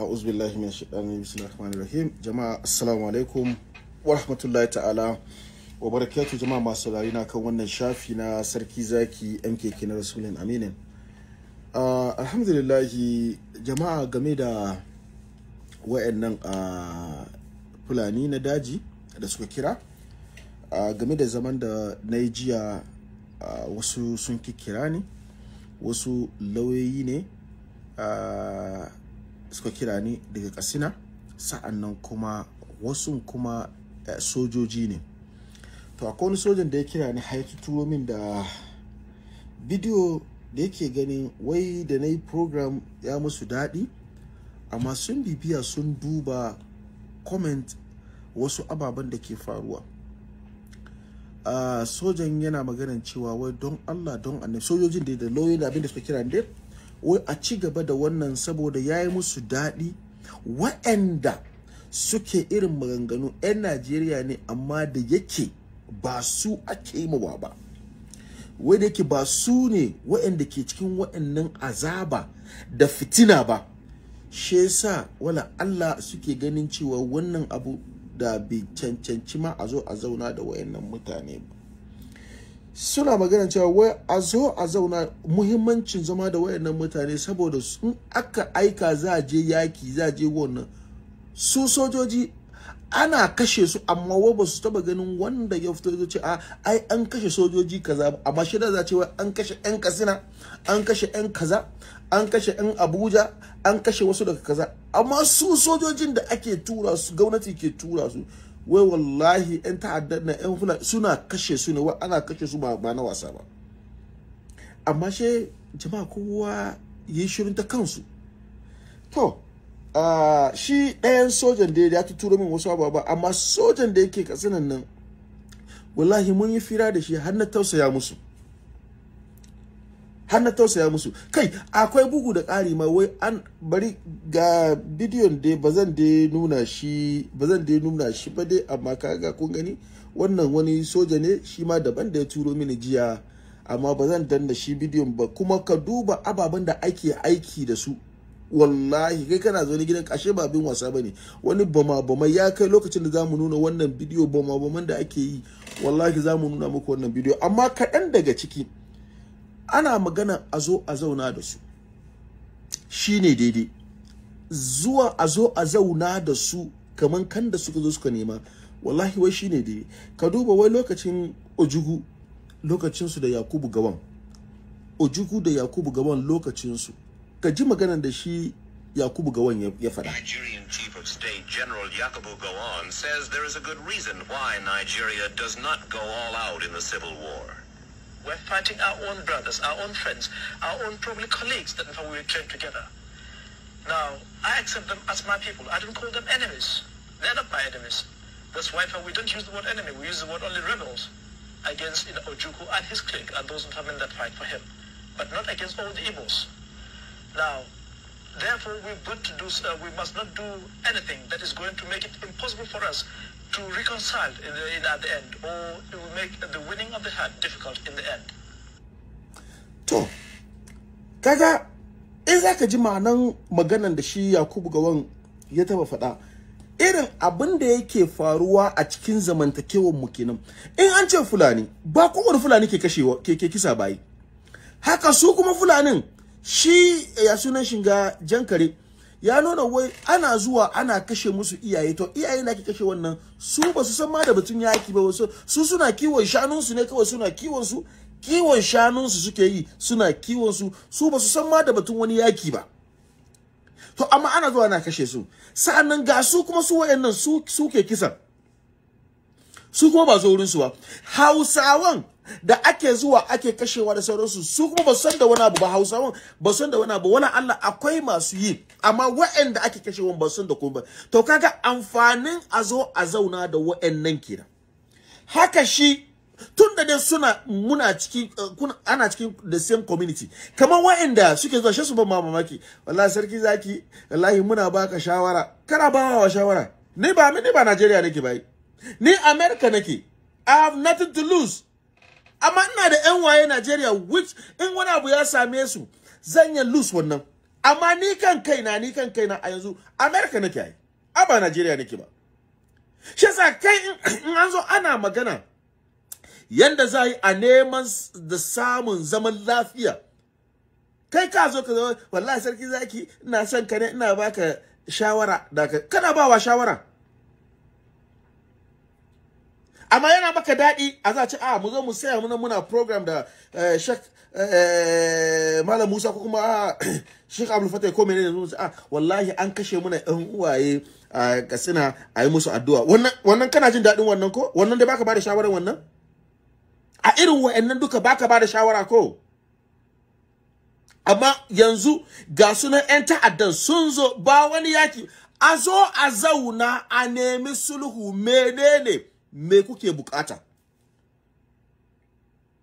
a'udhu billahi min shaitanir bismillahir rahim jama'a assalamu alaikum wa rahmatullahi ta'ala wa barakatuh jama'a masu rayu na kan wannan shafi na sarki zaki keke na rasulin aminin uh, ah, alhamdulillah jama'a game da wayannan uh, ah, fulani na daji da suka kira uh, game da zaman da na jiya, uh, wasu sun kira ne wasu lauyoyi ne uh, suka kira ni daga kasina sa'annan kuma wasu kuma eh, sojoji ne to akwai wani sojan da ya kira ni har min da bidiyo da yake ganin wai da na yi program ya musu daɗi amma sun bibiya sun duba comment wasu ababen da ke faruwa uh, sojan yana maganin cewa wai don allah don annabi sojojin da lauyoyin da abin da suka kira dai wai a ci gaba da wannan saboda ya yi musu daɗi wa'anda suke irin maganganu 'yan najeriya ne amma da yake ba su ake yi ba wai da yake ba su ne wa'anda ke cikin wa'annan azaba da fitina ba shi yasa wala Allah suke ganin cewa wannan abu da bai cancanci ma a zo a zauna da wayannan mutane ba suna magana cewa wai a zo a zauna muhimmancin zama da nan mutane saboda in aka aika za a je yaki za a je wannan su sojoji ana kashe su amma wa ba su taba ganin wanda ya fito ya a ah, ai an kashe sojoji kaza amma shi da za ce an kashe yan kasina an kashe yan kaza an kashe yan abuja an kashe wasu daga kaza amma su sojojin da ake tura su gwamnati ke tura su wai wallahi yan ta'addar na yan fulani suna kashe su ne ana kashe su ba na wasa ba amma she jama'a kowa yi shirin ta kansu to shi ɗayan sojan da ya tuturo min wasu ba amma sojan da yake katsinan nan wallahi mun yi fira da shi har na tausaya musu har na tausaya musu kai akwai bugu da ƙari ma wai an bari ga bidiyon dai ba zan dai nuna shi ba zan dai nuna shi ba dai amma kaga kun gani wannan wani soja ne shi ma daban da ya turo mini jiya amma ba zan danna shi bidiyon ba kuma ka duba ababen da ake aiki da su wallahi kai kana zaune gidan kashe ba abin wasa bane wani bama bama ya kai lokacin da zamu nuna wannan bidiyo bama baman da ake yi wallahi zamu nuna muku wannan bidiyo amma kaɗan daga ciki ana magana a zo a zauna da su shine daidai zuwa a zo a zauna da su kaman kan da suka zo suka nema wallahi wai shine daidai ka duba wai lokacin ojugu lokacinsu da yakubu gawan ojugu da yakubu gawan lokacinsu ka ji magana da shi Yakubu Gawan ya faɗa. Nigerian Chief of State General Yakubu Gawan says there is a good reason why Nigeria does not go all out in the civil war. We're fighting our own brothers, our own friends, our own probably colleagues that we came together. Now, I accept them as my people. I don't call them enemies. They're not my enemies. That's why we don't use the word enemy. We use the word only rebels against you know, Ojuku and his clique and those involved in that fight for him, but not against all the evils. Now, therefore, we've got to do. Uh, we must not do anything that is going to make it impossible for us to reconcile in the, in at the end or it will make the winning of the heart difficult in the end to kaga in zaka ji ma'anan maganan da shi Yakubu Gawan ya taba faɗa irin abin da yake faruwa a cikin zamantakewar mu kenan in an ce fulani ba kowar fulani ke kashewa ke ke kisa bai haka su kuma fulanin shi ya sunan shinga jankare ya nuna wai ana zuwa ana kashe musu iyaye to iyaye na ke kashe wannan su ba su san ma da batun yaki ba wasu su suna kiwon shanun su ne kawai suna kiwon su kiwon shanun su suke yi suna kiwon su su ba su san ma da batun wani yaki ba to amma ana zuwa ana kashe su sa'annan ga su kuma su wayannan su suke kisan su kuma ba zo wurin su ba hausawan da ake zuwa ake kashewa da sauransu su kuma ba san da wani abu ba hausawan ba san da wani abu wani Allah akwai masu yi amma wa'anda ake kashewa ba san da kuma ba to kaga amfanin a zo a zauna da wa'annan kira. haka shi tun da dai suna muna cikin eh, kuna ana cikin the same community kamar wa'anda suke zuwa shi su ba mamaki wallahi sarki zaki wallahi muna baka shawara kana ba wa shawara ni ba ni ba Najeriya nake bai ni America nake I have nothing to lose amma ina da yan waye Najeriya which in wani abu ya same su zan yi lose wannan amma ni kan kaina ni kan kaina a yanzu America nake ai a ba Najeriya nake ba shi yasa kai in an zo ana magana yanda za yi a neman da samun zaman lafiya kai ka zo ka zo wallahi sarki zaki ina son ka ne ina baka shawara da kana bawa shawara amma yana maka daɗi a za a ce a ah, mu zo mu saya muna muna program da eh, shek eh, malam musa ko kuma ah, shek abdul fatai ko menene zo a ah, wallahi an kashe muna yan uwaye a kasina a yi musu addu'a wannan wannan kana jin daɗin wannan ko wannan dai baka bada shawarar wannan a irin wa'annan duka baka bada shawara ko amma yanzu ga sunan 'yan ta'addan sun zo ba wani yaki a zo a zauna a nemi sulhu menene me kuke bukata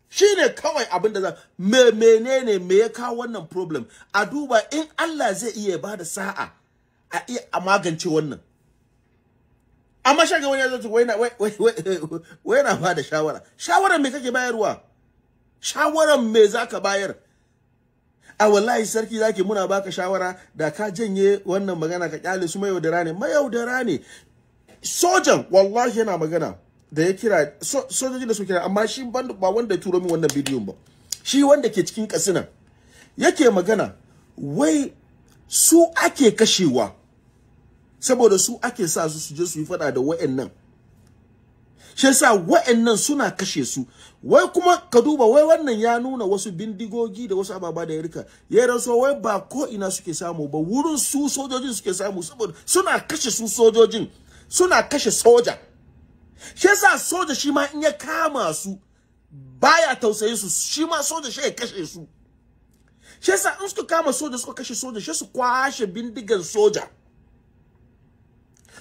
shine kawai abin da za me menene me ya kawo wannan problem a duba in Allah zai iya ba da sa'a a iya a magance wannan amma shaga wani ya zo wai na wai wai na ba da shawara shawara me kake bayarwa shawaran me zaka bayar a wallahi sarki zaki muna baka shawara da ka janye wannan magana ka kyale su mayaudara ne mayaudara ne sojan wallahi yana magana da ya kira sojoji da su kira amma shi ba wanda ya turo min wannan bidiyon ba shi wanda ke cikin kasina yake magana wai su ake kashewa saboda su ake sa su su je su yi fada da wa'annan shi yasa wa'annan suna kashe su wai kuma ka duba wai wannan ya nuna wasu bindigogi da wasu ababa da ya rika ya raso wai ba ko ina suke samu ba wurin su sojojin suke samu saboda suna kashe su sojojin suna kashe soja shi yasa soja shi ma in ya kama su baya tausaye su shi ma soja shi ya kashe su shi yasa in suka kama soja suka kashe soja shi su kwashe bindigan soja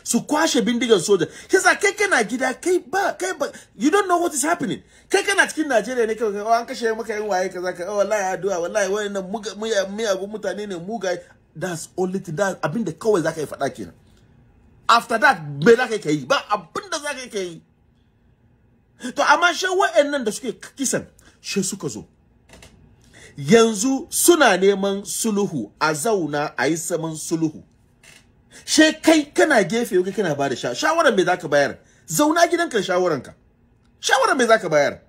su kwashe bindigan soja shi yasa kai kana gida kai ba kai ba you don't know what is happening kai kana cikin Najeriya ne kai oh, an kashe maka yan waye kaza ka oh, wallahi addu'a wallahi wayannan muga miyagun mutane ne mugaye that's only thing that abinda kawai zaka yi faɗa kenan after that me za ka yi ba abin da za ka yi to amma shi wa'annan da suke kisan shi suka zo yanzu suna neman sulhu a zauna a yi saman sulhu she kai kana gefe kai kana bada sha shawara me ka bayar zauna gidanka shawaran ka shawara me ka bayar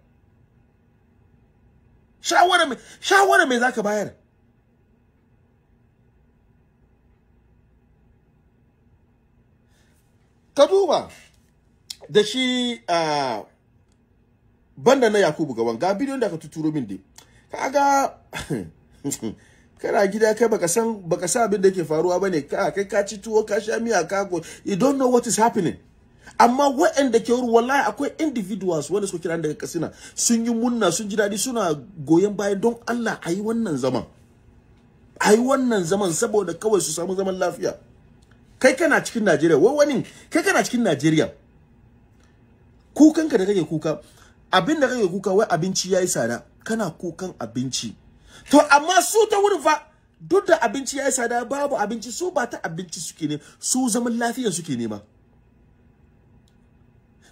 shawara me shawara me ka bayar ka duba da shi banda na yakubu gaban, ga bidiyon da ka tuturo min dai kaga kana gida kai baka san baka sa abin da yake faruwa bane ka kai ka ci tuwo ka sha miya ka go you don't know what is happening amma waɗanda ke wurin wallahi akwai individuals wanda suka kira daga kasina sun yi munna sun ji daɗi suna goyon baya don Allah ayi wannan zaman a wannan zaman saboda kawai su samu zaman lafiya kai kana cikin Najeriya wai wani kai kana cikin Najeriya kukanka da kake kuka abin da kake kuka wai abinci yayi tsada kana kukan abinci to amma su ta wurin fa duk da abinci yayi tsada babu abinci su ba ta abinci suke ne su zaman lafiya suke nema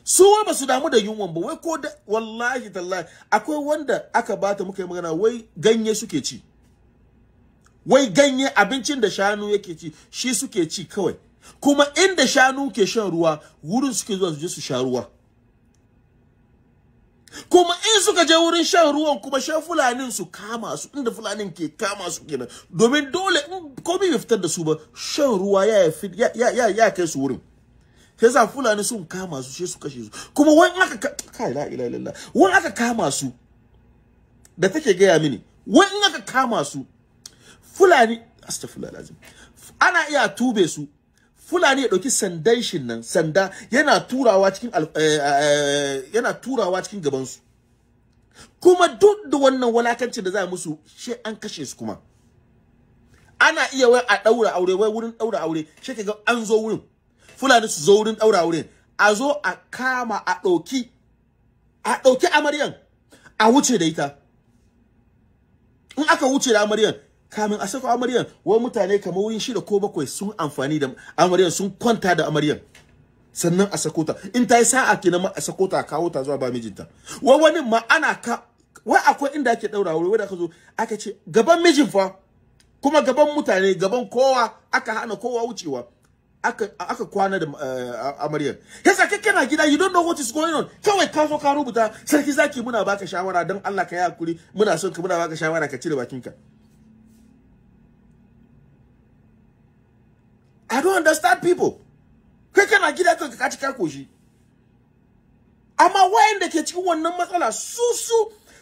su wa basu damu da yunwan ba wai ko da wallahi tallahi akwai wanda aka bata muka yi magana wai ganye suke ci wai ganye abincin da shanu yake ci shi suke ci kawai kuma inda shanu ke shan ruwa wurin suke zuwa su je su sha ruwa kuma in suka je wurin shan ruwan kuma shan fulanin su kama su inda fulanin ke kama su kenan domin dole in komai bai fitar da su ba shan ruwa ya ya ya ya kai su wurin sai sa fulani sun kama su sai su kashe su kuma wani aka kai la ilaha illallah wai aka kama su da take gaya mini wani aka kama su fulani astaghfirullah lazim. ana iya tube su fulani ya dauki sandan shin nan sanda yana turawa cikin eh, eh, yana turawa cikin gaban su kuma duk da wannan walakanci da za musu she an kashe su kuma ana iya wai a daura aure wai wurin daura aure she kaga an zo wurin fulani su zo wurin daura aure a zo a kama a dauki a dauki amaryan a wuce da ita in aka wuce da amaryan kamin a sako amaryan wani mutane kamar wurin shida ko bakwai sun amfani da amaryan sun kwanta da amaryan sannan a sako ta in ta yi sa'a kenan ma a sako ta kawo ta zuwa ba mijinta wai wani ma ana ka wai akwai inda ake daura wuri wai ka zo aka ce gaban mijin fa kuma gaban mutane gaban kowa aka hana kowa wucewa aka kwana da eh, amaryan yasa kai kana gida you don't know what is going on kawai ka zo ka rubuta sarki zaki muna baka shawara dan Allah ka yi hakuri muna son ka muna baka shawara ka cire bakinka I don't understand people. Kai na gida kanka ka cika koshi. Amma wayanda ke cikin wannan matsala susu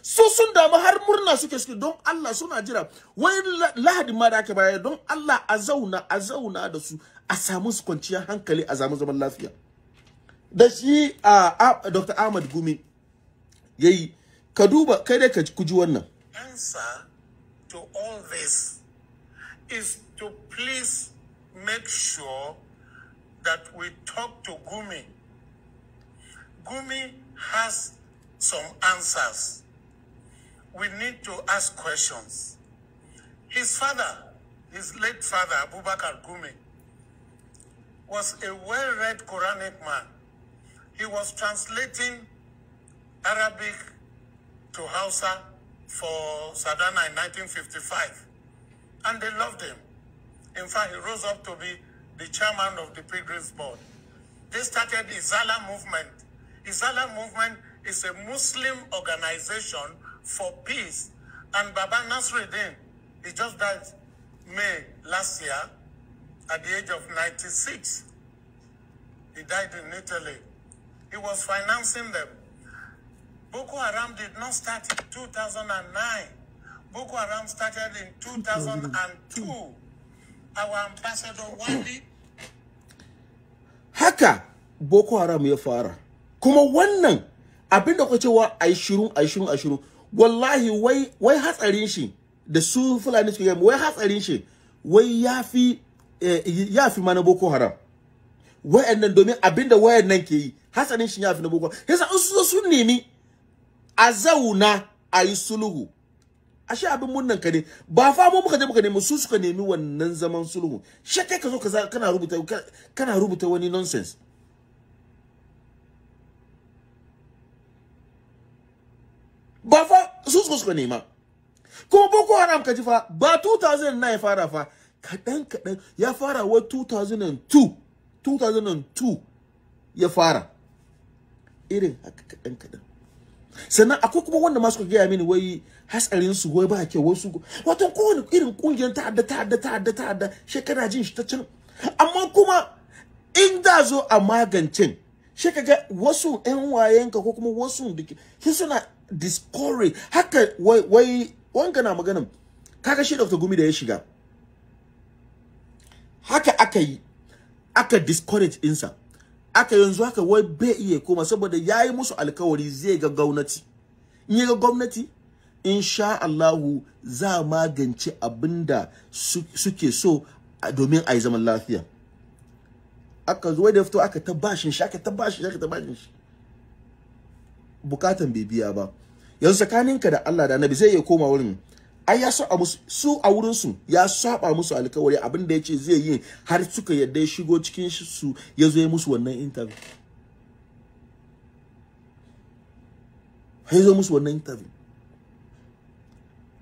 su su sun har murna suke suke don Allah suna jira wai lahadin ma da baya don Allah a zauna a zauna da su a samu su kwanciyar hankali a samu zaman lafiya. Da shi Dr. Ahmad Gumi yayi ka duba kai dai ka kuji wannan. Answer to all this is to please make sure that we talk to Gumi. Gumi has some answers. We need to ask questions. His father, his late father, Abubakar Gumi, was a well-read Quranic man. He was translating Arabic to Hausa for Sadana in 1955, and they loved him. In fact, he rose up to be the chairman of the Pilgrims Board. They started the Izala movement. Izala movement is a Muslim organization for peace. And Baba Nasruddin, he just died May last year at the age of 96. He died in Italy. He was financing them. Boko Haram did not start in 2009. Boko Haram started in 2002. Haka Boko Haram ya fara. Kuma wannan abin da cewa a shirin a shirin wallahi wai wai hatsarin shi da su fulani suke yi wai hatsarin shi wai yafi eh, yafi ma na Boko Haram. Wayannan domin abin da wayannan ke yi hatsarin shi yafi na Boko Haram. Yasa in su nemi a zauna a yi sulhu ashe abin murnan ka ne ba fa mu muka je muka nemi su suka nemi wannan zaman sulhu she kai ka zo ka kana rubuta kana rubuta wani nonsense ba fa su suka suka nema kuma boko haram ka ji fa ba 2009 ya fara fa kaɗan kaɗan ya fara wa 2002 2002 ya fara irin haka kaɗan kaɗan sannan akwai kuma wanda masu gaya mini wai hatsarin su wai ba ke wasu wato kowane irin kungiyar ta ta ta ta'adda ta ta'adda shekara jin shi ta can amma kuma in da zo a magancin shi kaga wasu ƴan wayenka ko kuma wasu da shi suna discourage haka wai wai wanka na maganin kaga shi Dr. Gumi da ya shiga haka aka yi aka discourage insa aka yanzu haka wai bai iya koma saboda yayi musu alkawari zai ga gwamnati in ga gwamnati insha Allahu za magance abinda suke so domin a yi zaman lafiya aka zo da fito aka ta bashin shi aka ta bashin shi aka ta bashin shi bukatan bai biya ba yanzu tsakaninka da Allah da Annabi zai iya koma wurin ai ya saba musu su a wurin su ya saba musu alkawari abin da yace zai yi har suka yadda ya shigo cikin su ya zo musu wannan interview musu wannan interview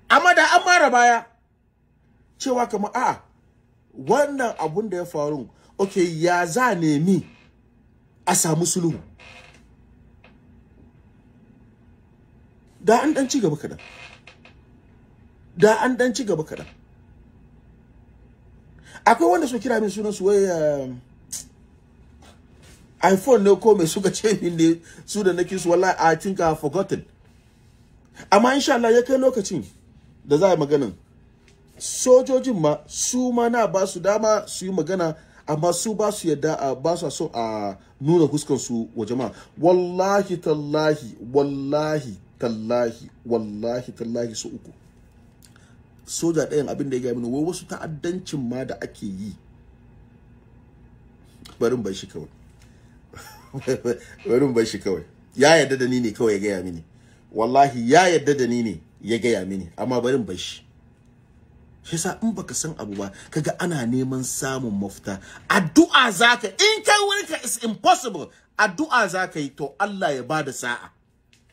amma da an mara baya cewa kamar a wannan abun da ya faru okay ya za nemi a samu sulhu da an dan ci gaba kadan da an dan ci gaba kaɗan akwai wanda su kira min sunan su wai eh, iphone ne ko mai suka ce min ne su da nake su wallahi i think i forgotten amma insha Allah ya kai lokacin da za a yi maganin sojojin ma su ma na ba su dama su yi magana amma su ba su yadda ba su so a nuna huskan su wa jama'a wallahi tallahi wallahi tallahi wallahi tallahi su uku soja ɗayan abin da ya gaya mini wai wasu ta'addancin ma da ake yi barin bai shi kawai barin shi kawai ya yadda da ni ne kawai ya gaya mini wallahi ya yadda da ni ne ya gaya mini amma barin bai shi shi yasa in baka san abu ba kaga ana neman samun mafita addu'a zaka in kai wurinka is impossible addu'a zaka yi to Allah ya bada sa'a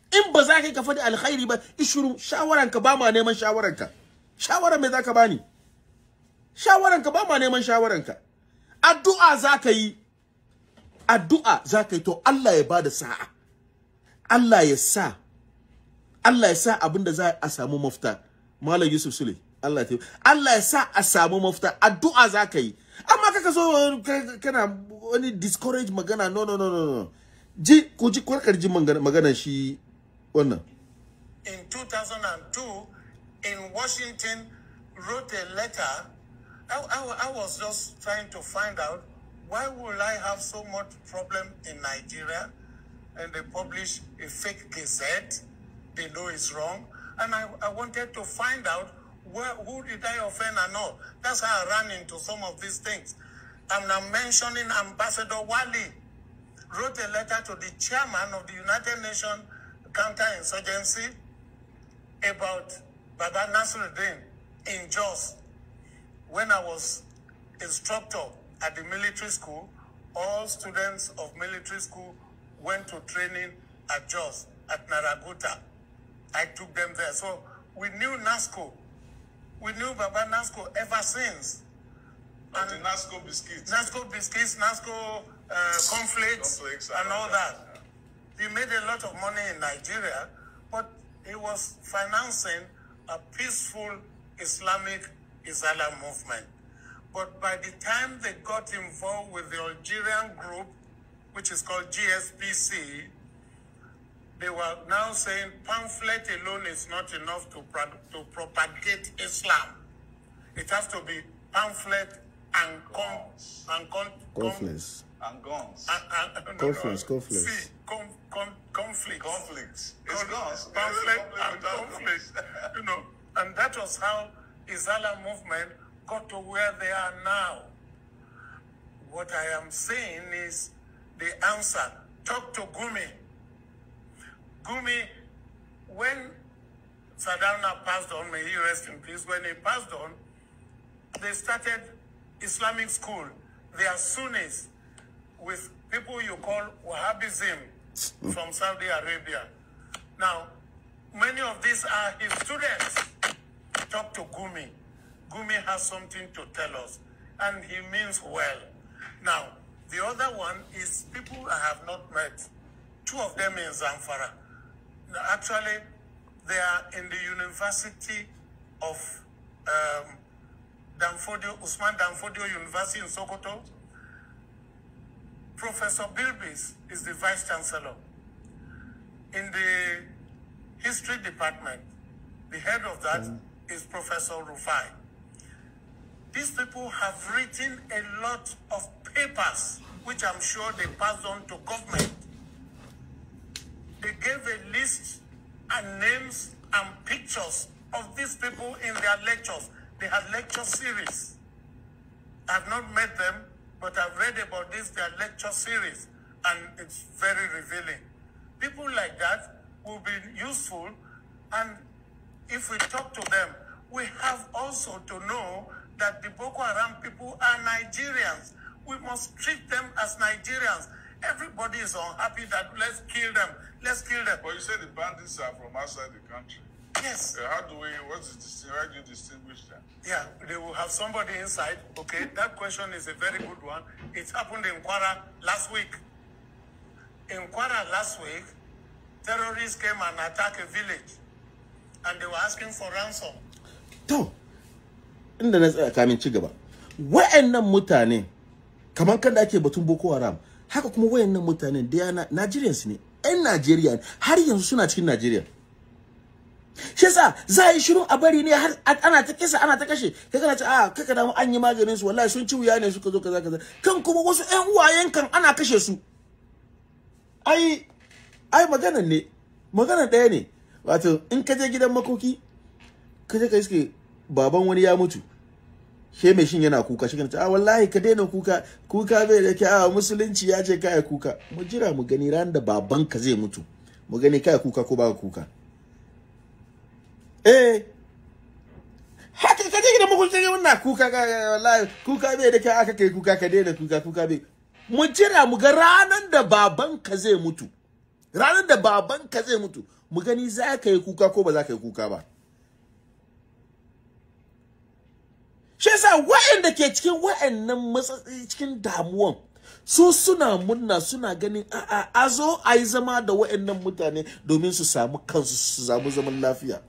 in ba za ka yi ka faɗi alkhairi ba ishirin shawaranka ba ma neman shawaranka shawaran me zaka bani shawaran ka ba ma neman shawaran ka addu'a zaka yi addu'a zaka yi to Allah ya bada sa'a Allah ya sa Allah ya sa abinda za a samu mafita Malam Yusuf Sule Allah ya Allah ya sa a samu mafita addu'a zaka yi amma kaka so kana wani discourage magana no no no no no ji ku ji kwarkar ji shi wannan in 2002 in Washington wrote a letter. I, I, I was just trying to find out why would I have so much problem in Nigeria? And they publish a fake gazette. They know it's wrong. And I, I wanted to find out where, who did I offend and all. That's how I ran into some of these things. I'm now mentioning Ambassador Wali wrote a letter to the chairman of the United Nations counterinsurgency about Baba then in Jos when I was instructor at the military school. All students of military school went to training at Jos, at Naraguta. I took them there. So we knew NASCO. We knew Baba NASCO ever since. And, and the NASCO biscuits. NASCO biscuits, NASCO uh, conflicts, conflicts, and all that. that. He made a lot of money in Nigeria, but he was financing a peaceful Islamic Islam movement. But by the time they got involved with the Algerian group, which is called GSPC, they were now saying pamphlet alone is not enough to, pro to propagate Islam. It has to be pamphlet and, con and con and guns. conflicts, conflicts. See, com, com, conflicts. Conflicts. It's guns. Conflict and conflicts. you know, and that was how Izala movement got to where they are now. What I am saying is the answer. Talk to Gumi. Gumi, when Sadana passed on, may he rest in peace, when he passed on, they started Islamic school. They are Sunnis with people you call Wahhabism from Saudi Arabia. Now, many of these are his students. Talk to Gumi. Gumi has something to tell us, and he means well. Now, the other one is people I have not met. Two of them in Zamfara. actually, they are in the University of um, Danfodio, Usman Danfodio University in Sokoto. Professor Bilbis is the Vice Chancellor. In the History Department, the head of that mm. is Professor Rufai. These people have written a lot of papers, which I'm sure they passed on to government. They gave a list and names and pictures of these people in their lectures. They had lecture series. I've not met them, but I've read about this, their lecture series, and it's very revealing. People like that will be useful, and if we talk to them, we have also to know that the Boko Haram people are Nigerians. We must treat them as Nigerians. Everybody is unhappy that let's kill them, let's kill them. But you say the bandits are from outside the country. Yes. Uh, how do we, what is distinguish, how do you distinguish them? Yeah, they will have somebody inside. Okay, that question is a very good one. It happened in Kwara last week. In Kwara last week, terrorists came and attacked a village and they were asking for ransom. To, inda I mean, Chigaba, ci gaba. the mutane, kaman kan da ake batun Boko Haram, haka kuma wayannan mutanen da Nigerians ne, 'yan Najeriya har yanzu suna cikin Nigeria. shi yasa za a yi shiru a bari ne har ana ta kisa ana ta kashe kai kana ce a ah, kai kana an yi maganin su wallahi sun ci wuya ne suka zo kaza kaza kan kuma wasu ƴan uwayen kan ana kashe su ai ai magana ne magana ɗaya ne wato in ka je gidan makoki ka je ka iske baban wani ya mutu she mai shin yana kuka shi kana ce a ah, wallahi ka daina kuka kuka bai da kyau a ah, musulunci ya ce kai kuka mu jira mu gani ran da baban ka zai mutu mu gani kai kuka ko ba kuka eh haka ka je gidan makwabcin ga wannan kuka ga wallahi kuka bai da kai aka kai kuka ka daina kuka kuka bai mu jira mu ga ranan da baban ka zai mutu ranan da baban ka zai mutu mu gani za ka yi kuka ko ba za ka yi kuka ba shi yasa wa'anda ke cikin wa'annan matsatsi cikin damuwan su suna munna suna ganin a'a a zo a yi zama da wa'annan mutane domin su samu kansu su samu zaman lafiya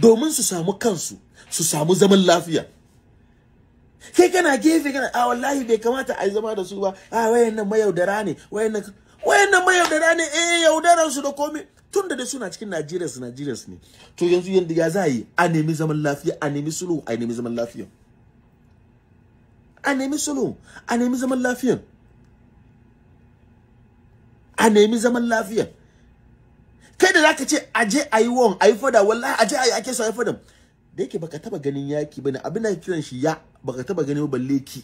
domin su samu kansu su samu zaman lafiya kai kana gefe kana a ah, wallahi bai kamata a zama da su ba a ah, wayannan mayaudara ne wayannan nan mayaudara ne eh yaudaran su da komai tunda da suna cikin Najeriya su Najeriya ne to yanzu yanda ya za yi a nemi zaman lafiya a nemi sulhu a nemi zaman lafiya a nemi sulhu a nemi zaman lafiya a nemi zaman lafiya kai da zaka ce aje ayi won ayi da wallahi aje ayi ake so ayi fada da yake baka taba ganin yaki bane abin da kiran shi ya baka taba gani balle ki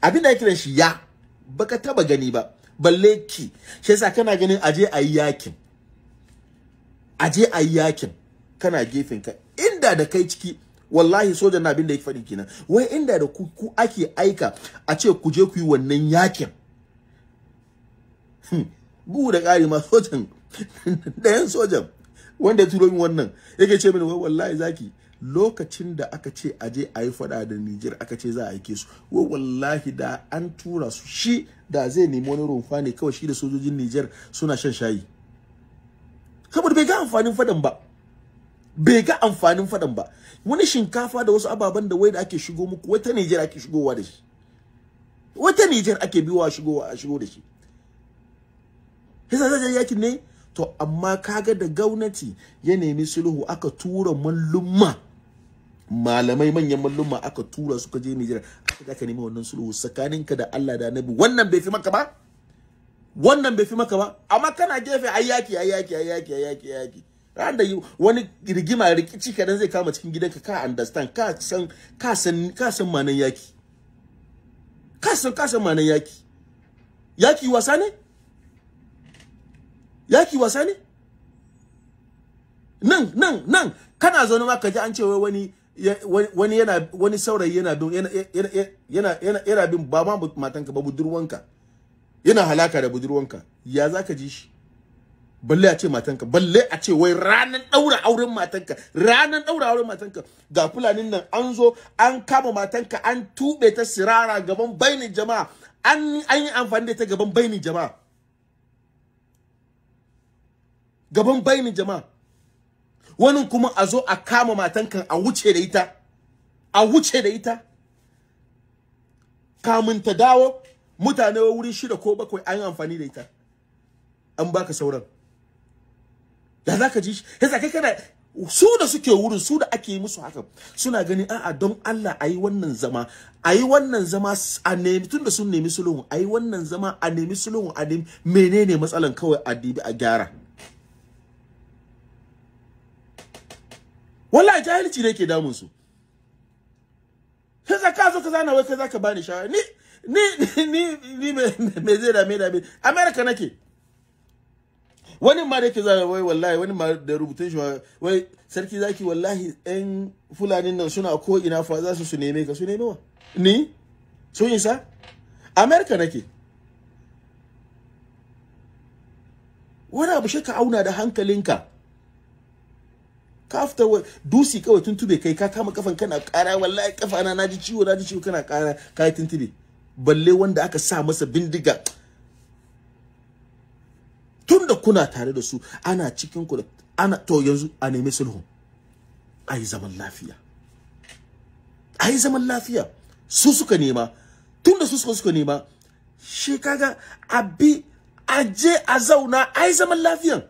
abin da kiran shi ya baka taba gani ba balle ki shi yasa kana ganin aje ayi yakin aje ayi yakin kana gefen ka inda da kai ciki wallahi soja na abin da yake faɗi kenan wai inda da ku, ku ake aika a ce ku je ku yi wannan yakin hmm. bugu da ƙari ma sojan ɗayan sojan wanda ya turo min wannan yake ce mini wallahi zaki lokacin da aka ce a je a yi fada da Nijar aka ce za a aike su wai wallahi da an tura su shi da zai nemi wani rumfa ne kawai shi da sojojin Nijar suna shan shayi saboda bai ga amfanin fadan ba bai ga amfanin fadan ba wani shinkafa da wasu ababen da wai da ake shigo muku wata Nijar ake shigowa da shi wata Nijar ake biwa shigowa a shigo da shi yasa zai yakin ne to amma kaga da gwamnati ya nemi sulhu aka tura mallumma malamai manyan mallumma aka tura suka je Nijar aka ga ka nemi wannan sulhu tsakaninka da Allah da Annabi wannan bai fi maka ba wannan bai fi maka ba amma kana gefe ayyaki ayyaki ayyaki ayyaki ayyaki yaki ai wani rigima rikici kadan zai kama cikin gidanka ka understand ka san ka san ka san manan yaki ka san ka san manan yaki yaki wasa ne yaki wasa ne nan nan nan kana zaune ma kaji an ce wani wani yana wani saurayi yana bin yana yana yana yana bin ba ma matanka ba budurwanka yana halaka da budurwanka ya zaka ji shi balle a ce matanka balle a ce wai ranan daura auren matanka ranan daura auren matanka ga fulanin nan an zo an kama matanka an tube ta sirara gaban bainin jama'a an an yi amfani da ta gaban bainin jama'a gaban bainin jama'a wani kuma a zo a kama matankan a wuce da ita a wuce da ita kamun ta dawo mutane wurin shida ko bakwai an amfani da ita an baka sauran da za ka ji shi yasa kai kana su da suke wurin su da ake musu haka suna gani a'a don Allah ayi wannan zama ayi wannan zama a nemi tunda sun nemi sulhu ayi wannan zama a nemi sulhu a nemi menene matsalan kawai a dibi a gyara wallahi jahilci ne ke damun su sai zaka zo ka zana wai kai zaka bani shawara ni ni ni ni me zai da dame america nake wani ma da yake zana wai wallahi wani ma da rubutun shi wai sarki zaki wallahi ɗan fulanin nan suna ko ina fa za su su neme ka su neme wa ni so yin sa america nake wani abu shi ka auna da hankalinka ka fita wa dusi kawai tuntube kai ka kama kafan kana kara wallahi kafa na naji ciwo naji ciwo kana kara ka yi tuntube balle wanda aka sa masa bindiga tun da kuna tare da su ana cikin ku ana to yanzu a nemi sulhu a yi zaman lafiya a yi zaman lafiya su suka nema tun da su suka suka nema shi kaga abi aje a zauna a yi zaman lafiyan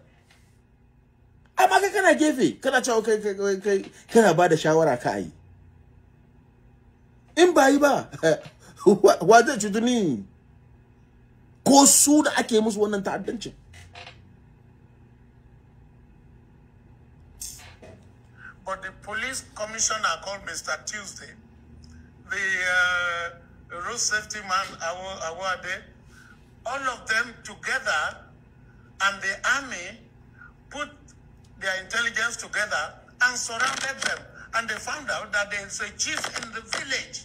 amma kai kana gefe kana cewa kai kai kai kana ba da shawara ka yi in ba yi ba wa zai cutu ni ko su da ake musu wannan ta'addancin But the police commissioner called Mr. Tuesday, the uh, road safety man, Awade, all of them together and the army put their intelligence together and surrounded them. And they found out that there is a chief in the village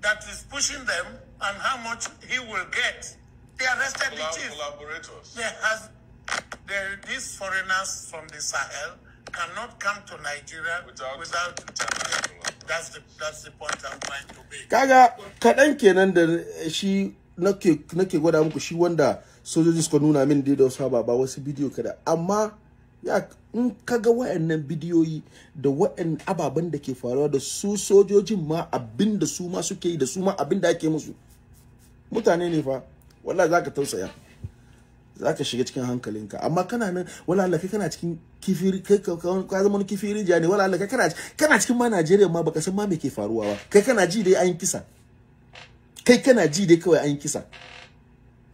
that is pushing them and how much he will get. They arrested Collab the chief. Collaborators. There has, these foreigners from the Sahel cannot come to Nigeria without, without that's the that's the point I'm trying to make. Kaga kadan kenan da shi nake nake gwada muku shi wanda sojoji suka nuna min dai da wasu ba wasu bidiyo kada amma ya in ka ga wayannan bidiyoyi da wayan ababen da ke faruwa da su sojojin ma abin da su ma suke yi da su ma abin da ake musu mutane ne fa wallahi zaka tausaya zaka shiga cikin hankalinka amma kana nan wala Allah kai kana cikin kifiri kai ka zama wani kifiri ja ne wala Allah kai kana kana cikin ma Najeriya ma baka san ma me ke faruwa ba kai kana ji dai an kisa kai kana ji dai kawai an kisa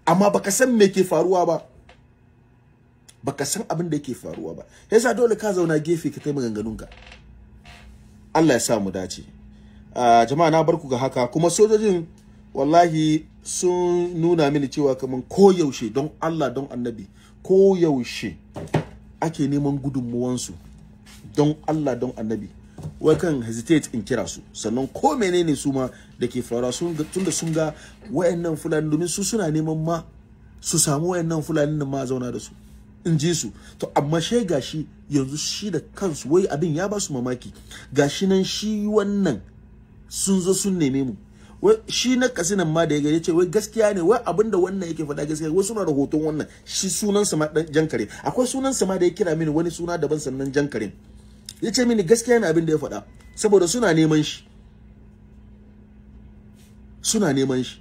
amma baka san me ke faruwa ba baka san abin da yake faruwa ba yasa dole ka zauna gefe ka kai ka Allah ya sa mu dace uh, jama'a na barku ga haka kuma sojojin wallahi sun nuna mini cewa kaman koyaushe don Allah don annabi koyaushe ake neman su don Allah don annabi wai kan hesitate in kira su sannan ko menene su ma da ke faruwa sun tunda sun ga wayannan fulani domin su suna neman ma su samu wayannan fulani ma zauna da su in ji su to amma shai gashi yanzu shi da kansu wai abin ya ba su mamaki gashi nan shi wannan sun zo sun neme mu wai shi na kasinan ma da ya gare ce wai gaskiya ne wai abinda wannan yake faɗa gaskiya wai suna da hoton wannan shi sunan sa ma dan kare akwai sunan sa ma da ya kira mini wani suna daban sannan jan kare ya ce mini gaskiya ne abin da ya faɗa saboda suna neman shi suna neman shi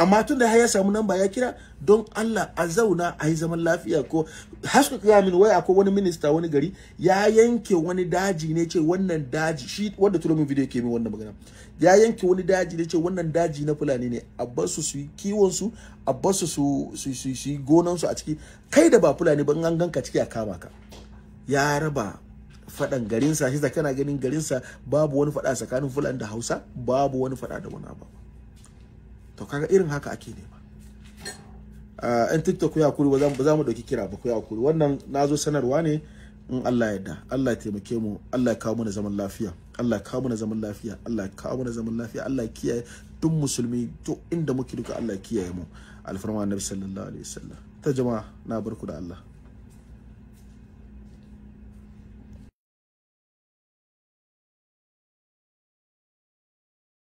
amma tun da ya samu namba ya kira don Allah a zauna a yi zaman lafiya ko hasku ya min waya ko wani minista wani gari ya yanke wani daji ne ce wannan daji shi wanda turo min video ke min wannan magana ya yanke wani daji ne ce wannan daji na fulani ne a basu su yi kiwon a basu su su su su gonan a ciki kai da ba fulani ba an ganka ciki a kama ka ya raba faɗan garinsa shi kana ganin garinsa babu wani faɗa tsakanin fulani da hausa babu wani faɗa da wani abu to kaga irin haka ake nema ah, In tiktok ku yakuri ba za mu dauki kira ba ku yakuri wannan nazo sanarwa ne in Allah ya Allah ya taimake mu Allah ya kawo mana zaman lafiya Allah ya kawo mana zaman lafiya Allah ya kawo mana zaman lafiya Allah ya kiyaye duk musulmi to inda muke duka Allah ya kiyaye mu alfarma annabi sallallahu alaihi wasallam ta jama'a na barku da Allah